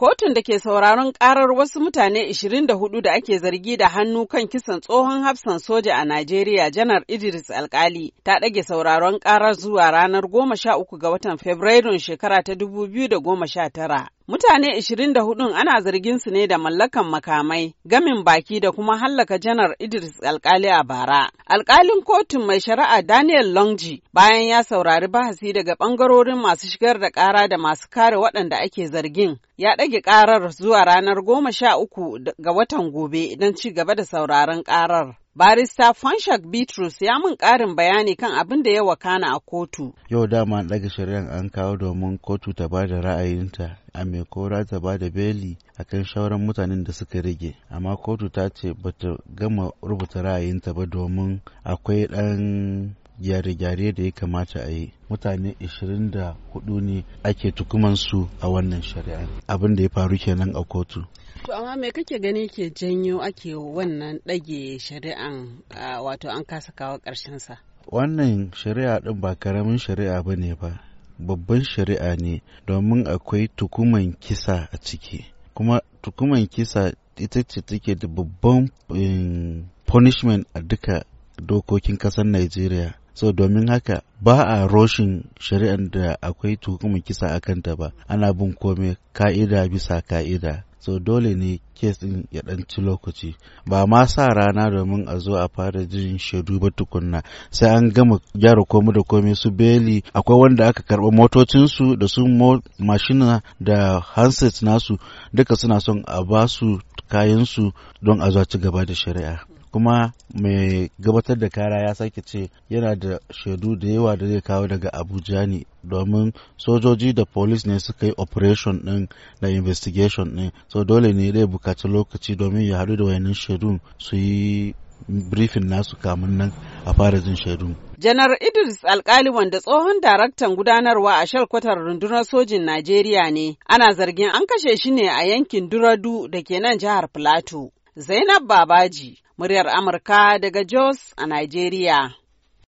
Kotun da ke sauraron karar wasu mutane 24 da ake zargi da hannu kan kisan tsohon hafsan soja a Najeriya janar Idris Alkali ta ɗage sauraron karar zuwa ranar 13 ga watan Fabrairun shekara ta 2019. Mutane 24 ana zargin su ne da mallakan makamai, gamin baki da kuma hallaka janar Idris alkali a bara. Alkalin kotun mai shari'a Daniel Longji bayan ya saurari bahasi daga bangarorin masu shigar da kara da masu kare waɗanda ake zargin. Ya ɗage karar zuwa ranar goma sha uku ga watan gobe don ci gaba da sauraron karar. Barista Fanshak Bitrus ya mun ƙarin bayani kan abin da ya wakana a kotu. Yau dama ɗaga shari'ar an kawo domin kotu ta ba da ra'ayinta a mai kora ta ba da beli a kan shauran mutanen da suka rage. Amma kotu ta ce bata gama rubuta ra'ayinta ba domin akwai ɗan gyare-gyare da ya kamata a yi. Mutane 24 ne ake tukumansu a wannan shari'a. Abin da ya faru kenan a kotu. To amma me kake gani ke janyo ake wannan ɗage shari'an wato an kasa kawo ƙarshensa? Wannan shari'a ɗin ba karamin shari'a ba ne ba, babban shari'a ne domin akwai tukuman kisa a ciki. Kuma tukuman kisa ita ce take da babban punishment a duka dokokin ƙasar Najeriya. so domin haka ba a roshin shari'ar da akwai tukuman kisa a kanta ba ana bin komai ka'ida bisa ka'ida so dole ne kes ɗin ya ɗanci lokaci ba ma sa rana domin a zo a fara jin shaidu ba tukunna sai an gama gyara komai da komai su beli akwai wanda aka karɓa motocinsu da su mashina da handset nasu duka suna son a ba su kayansu don a zo ci gaba da shari'a kuma mai gabatar da kara ya sake ce yana da shaidu da yawa da zai kawo daga abuja ne domin sojoji da police ne suka yi operation din na investigation din so dole ne zai bukaci lokaci domin ya haɗu da wayannan shaidu su yi briefing nasu kamun nan a fara jin shaidu. janar idris alkali wanda tsohon daraktan gudanarwa a shalkwatar rundunar sojin najeriya ne ana zargin an kashe shi ne a yankin duradu da ke nan jihar plateau Zainab Babaji, muryar Amurka daga Jos a Nigeria.